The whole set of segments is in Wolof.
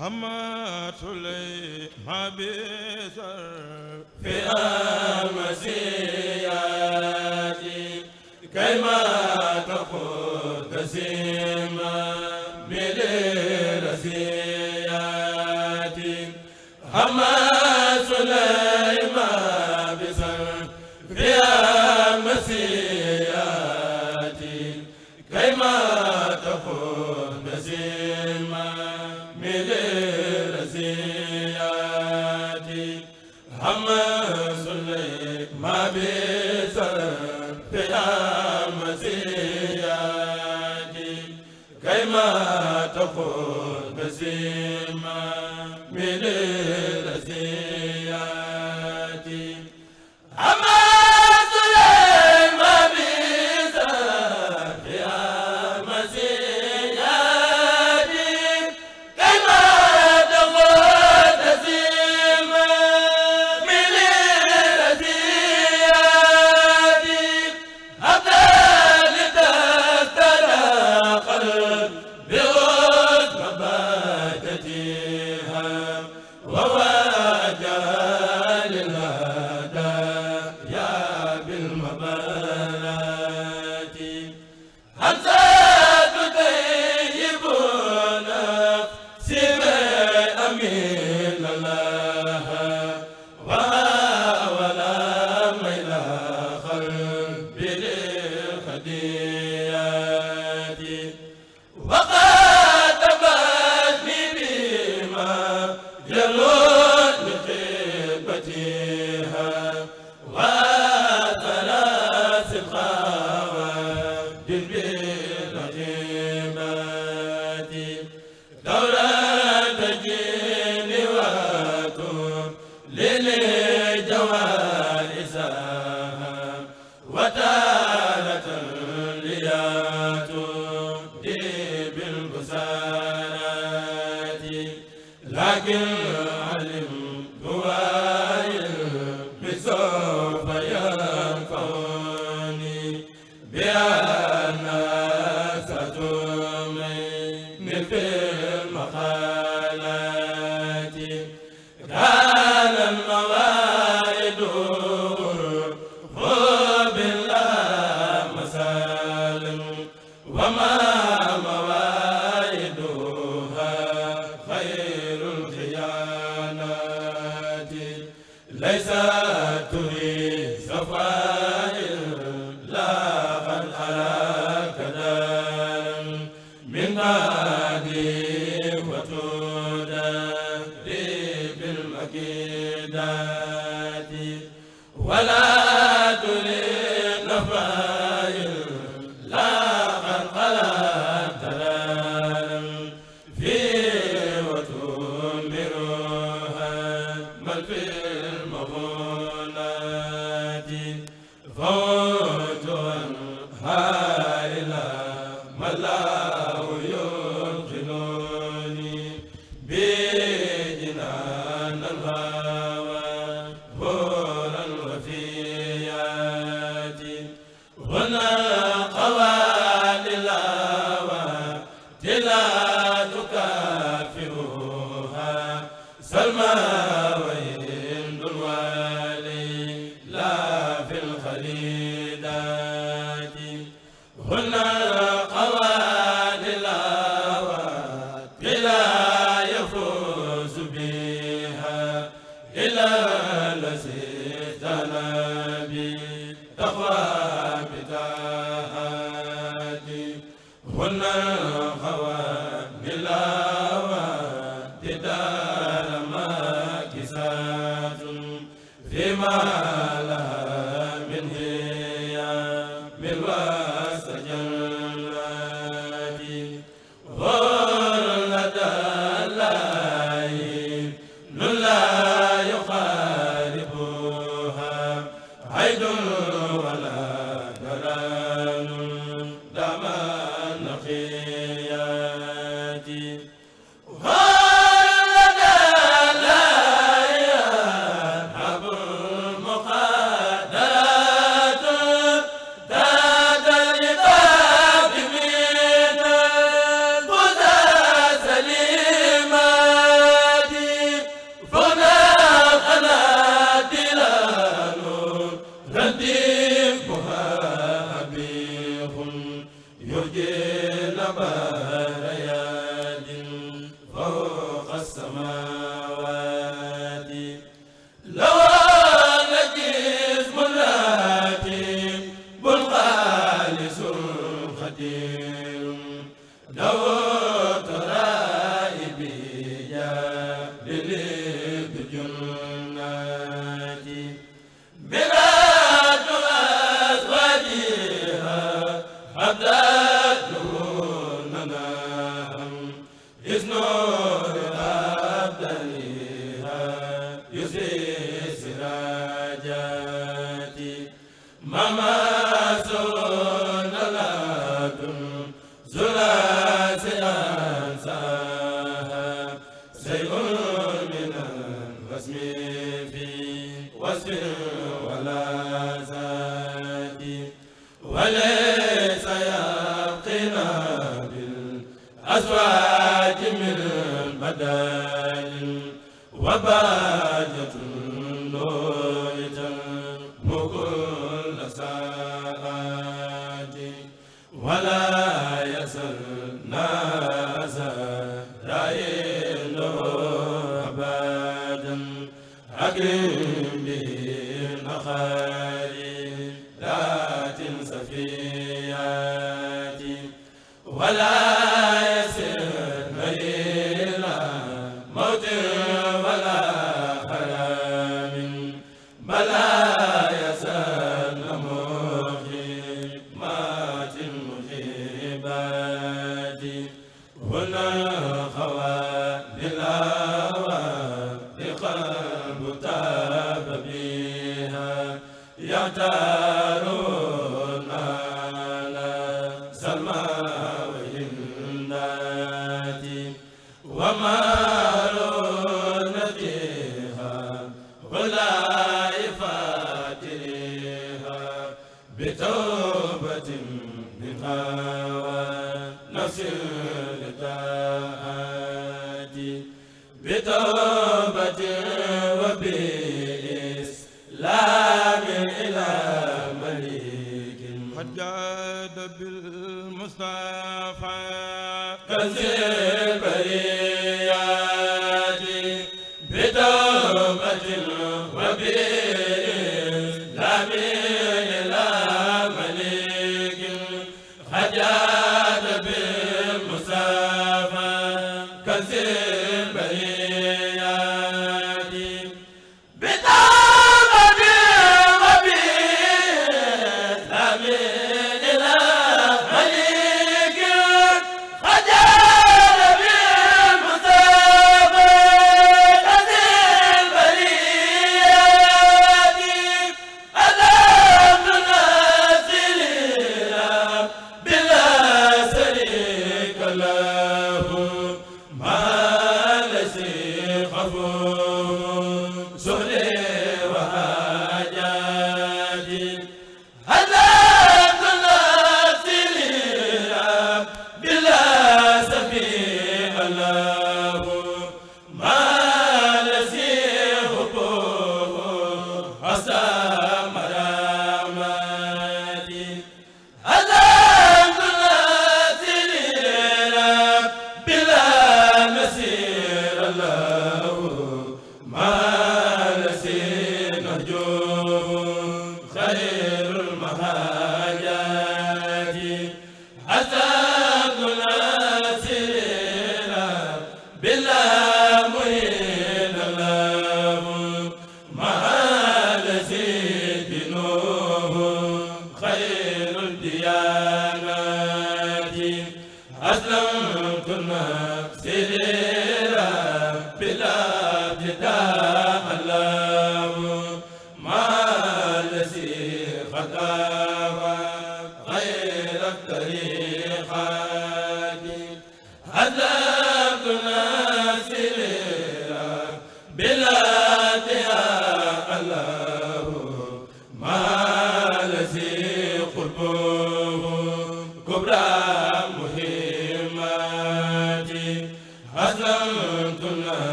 همات لي ما بسر في أمسياتي كيما ak العالمين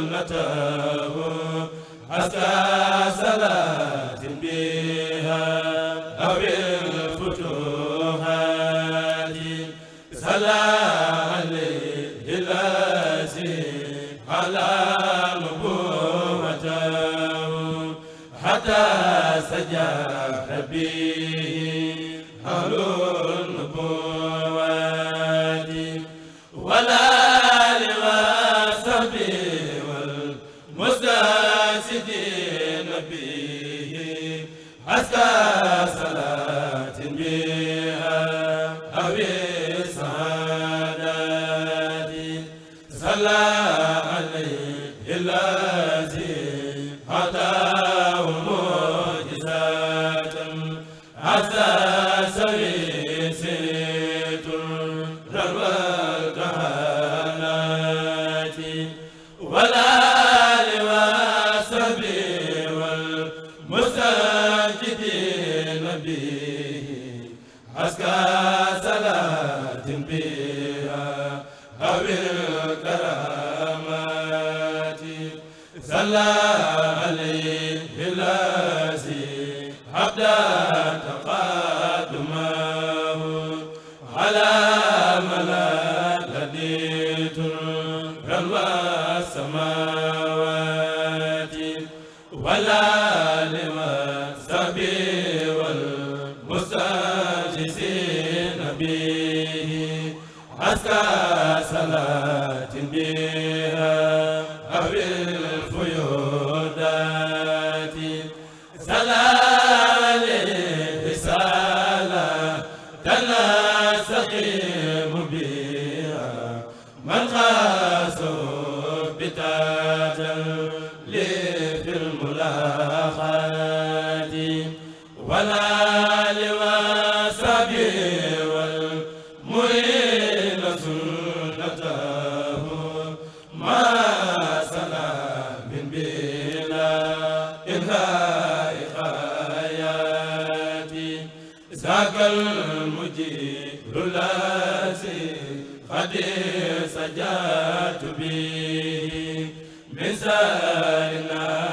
سنته حتى صلاة بها Allah المجيب الذي قد سجات به مثالنا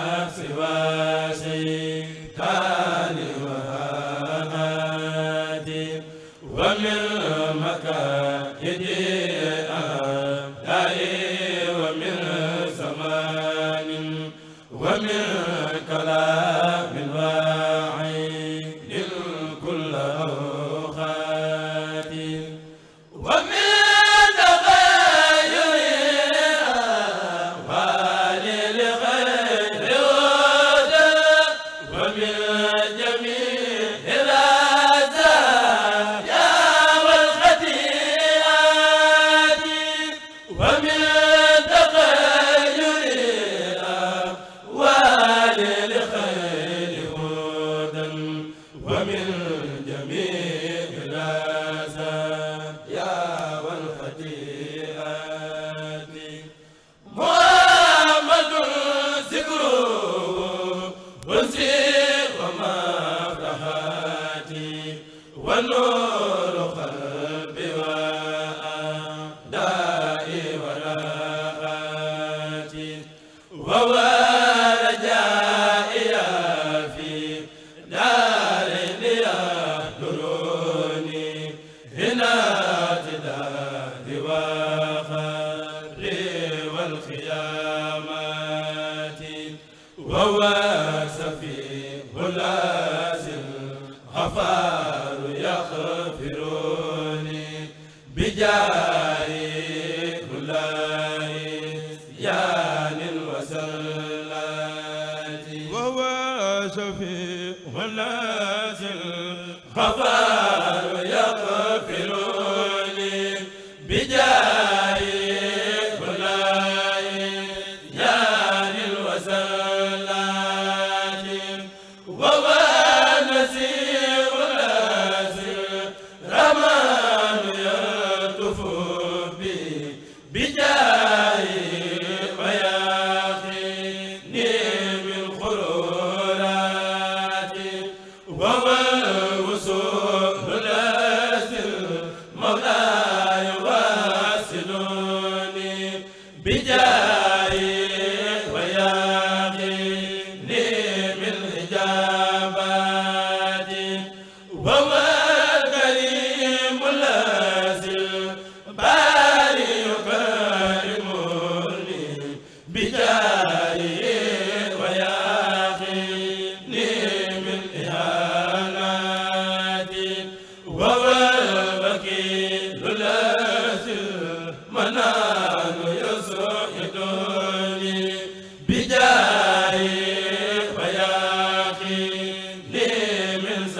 jami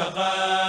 saqa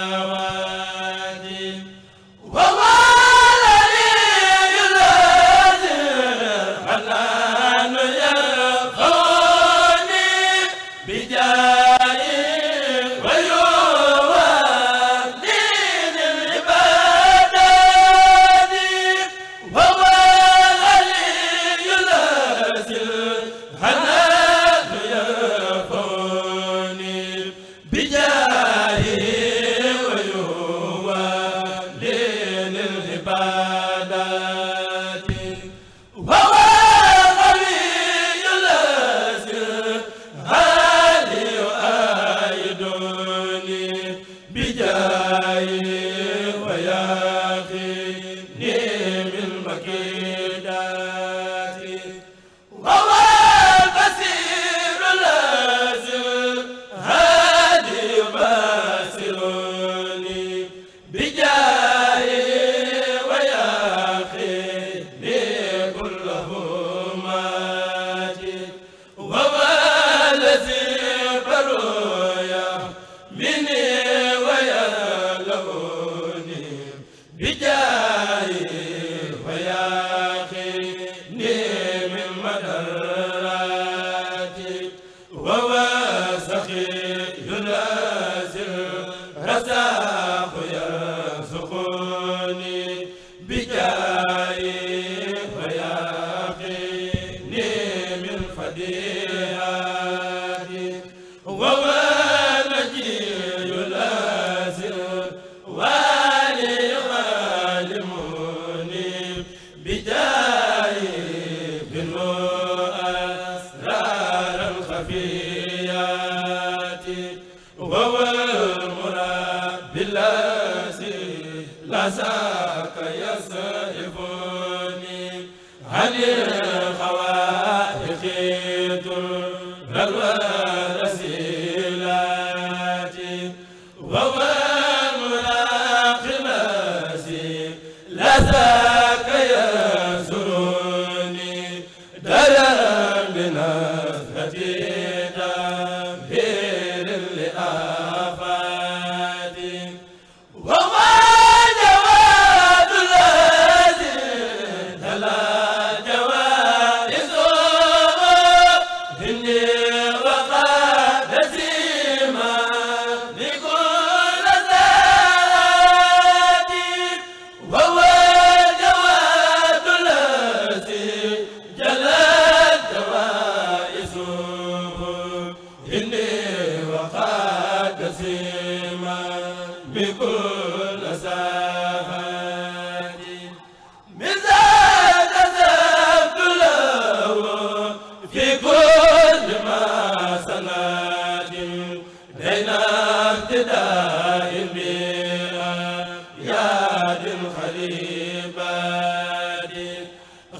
waaw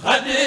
xadi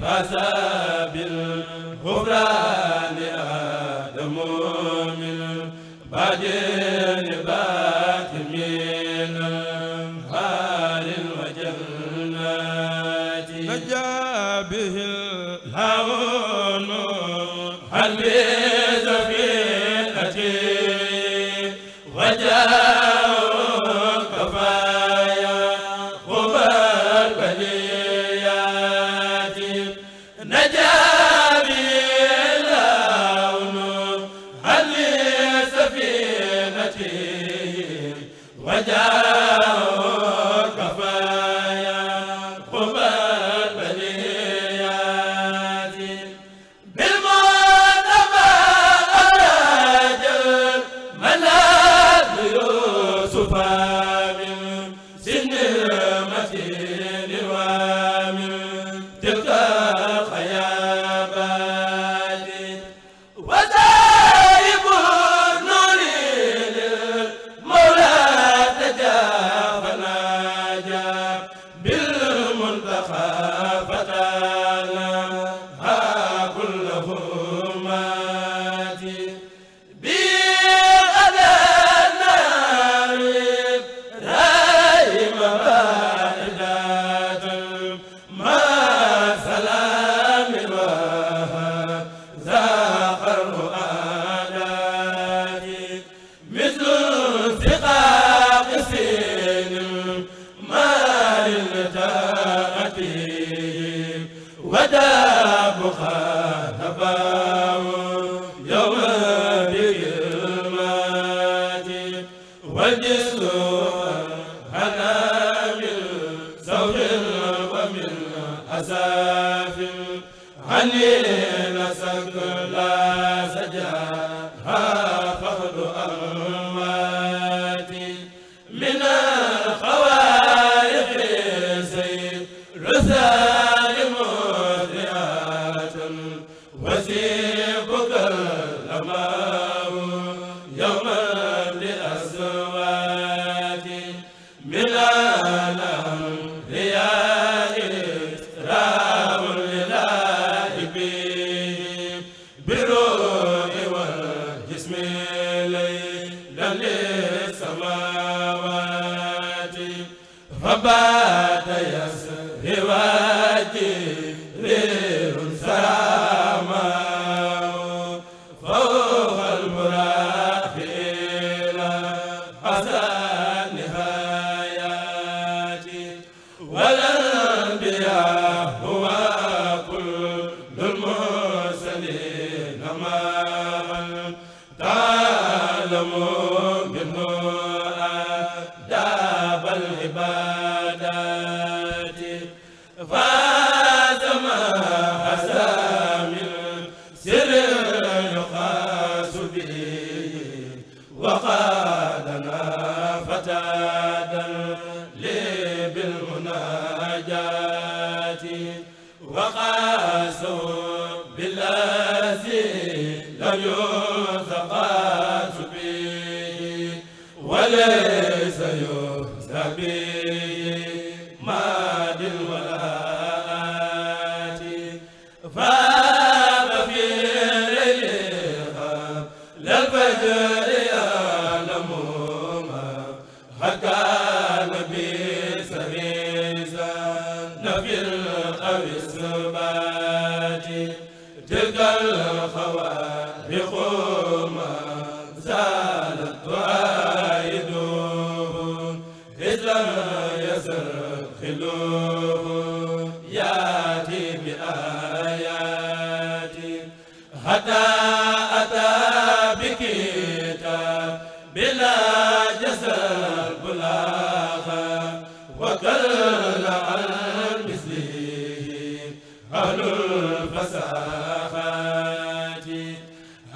asa أساف عني نسك لا alamu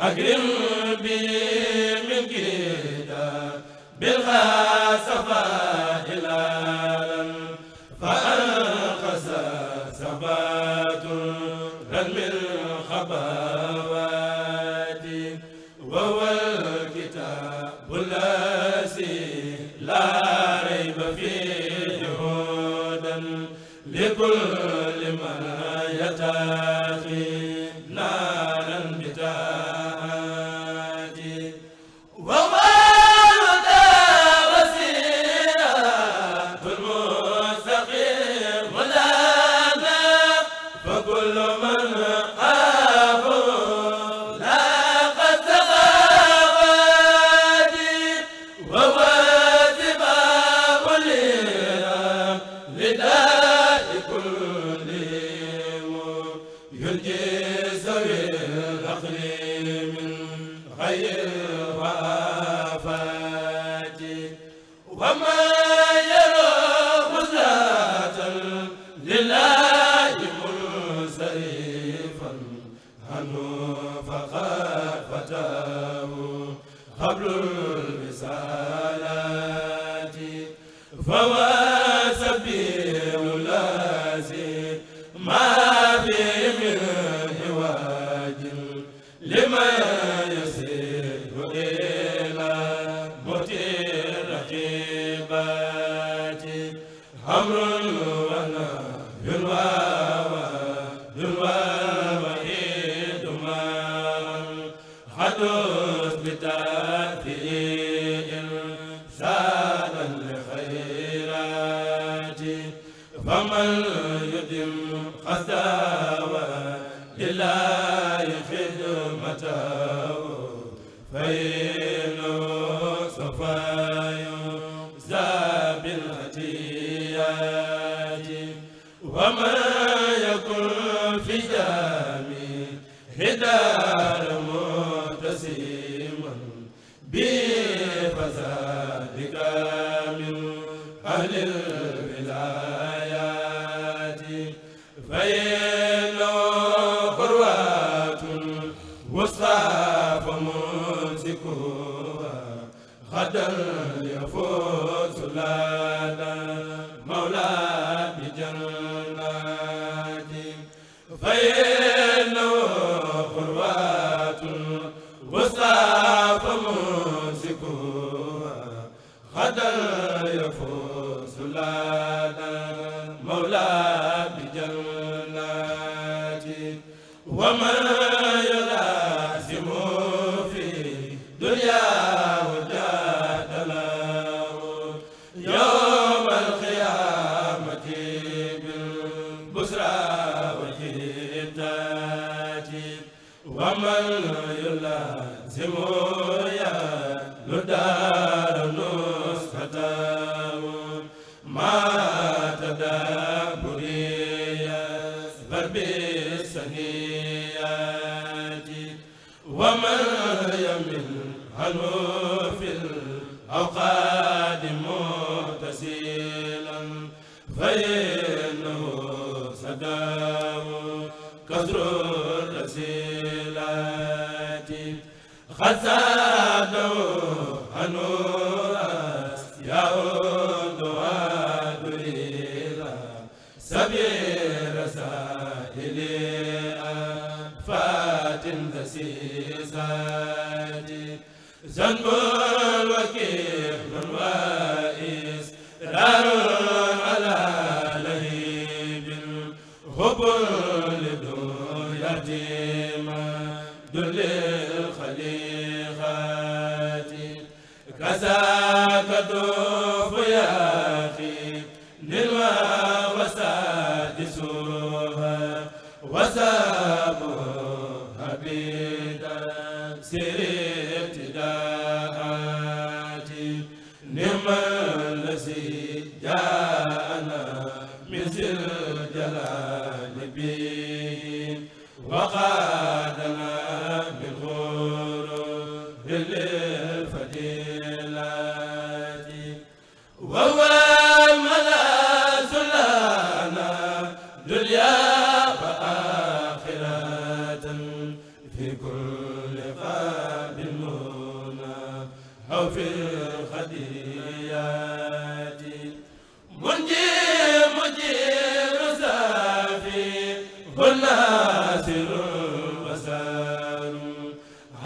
أكرم به من كيدا بالغا سفر فمن يدم خساوى لله خدمة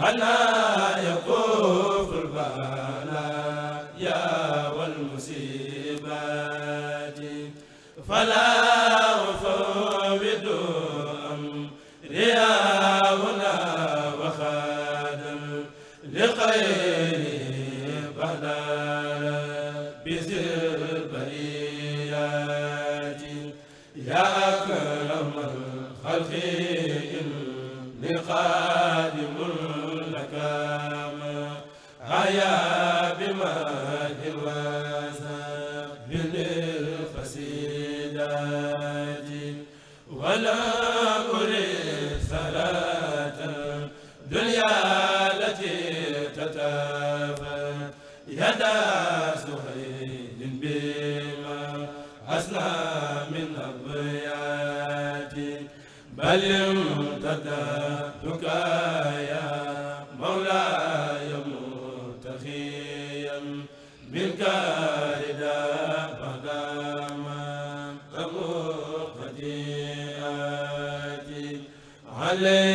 ala ale